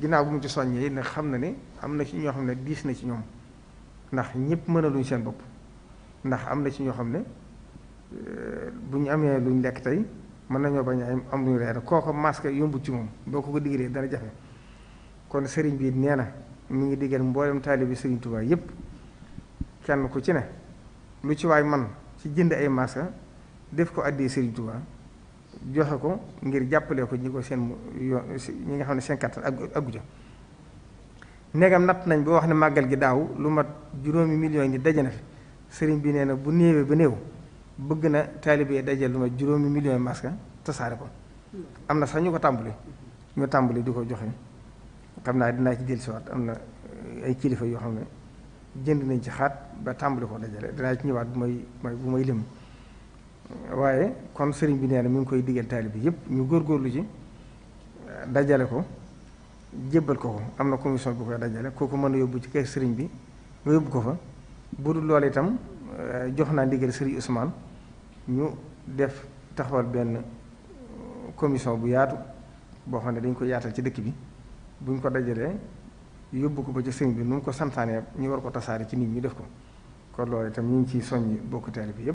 ginnaaw bu mu ci soññee ne xam na ne am na ci ñoo xam ne diis na ci ñoom ndax ñëpp mënaluñ seen bopp ndax am na ci ñoo xam ne euh, bu ñu amee luñ lekk tey mën nañoo bañ a am luñ reer kooko masque yombut ci moom boo ko ko diggalee dana jafe kon sëriñ bi nee na mu ngi diggal mboolem taalibe sëriñ Tuubaa yépp kenn ku ci ne lu ci waay man ci jënd ay masque def ko àddee sëriñ Tuubaa joxe ko ngir jàppale ko ñi ko seen yo ñi nga xam ne seen ak aggu ja negam natt nañ boo wax ne màggal gi daaw lu mat juróomi million yi daje na sëriñ bi nee na bu néewee ba néew bëgg na taalibe daje lu mat juróomi millions yi masque tasaare ko mm-hmm. am na sax ñu ko tàmbali ñu tàmbali di ko joxe xam naa dinaa ci dellusiwaat am na ay kilifa yoo xam ne jënd nañ ci xaat ba tàmbali ko dajale dinaa ci ñëwaat bu may bu may lim. waaye kon sëriñ bi nee na mi ngi koy digal taalib bi yëpp ñu góorgóorlu ci dajale ko jébbal ko ko am na commission bu koy dajale ko mën a yóbbu ci kër sëriñ bi nga yóbbu ko fa bu dul itam euh, jox naa ndigal sëriñ Ousmane ñu def taxawal benn euh, commission bu yaatu boo xam ne dañ ko yaatal ci dëkk bi buñ ko dajalee yóbbu ko ba ci sëriñ bi nu mu ko santaanee ñu war ko tasaare ci nit ñu def ko kon loolu itam ñu ngi ciy soññ bokk taalib bi yëpp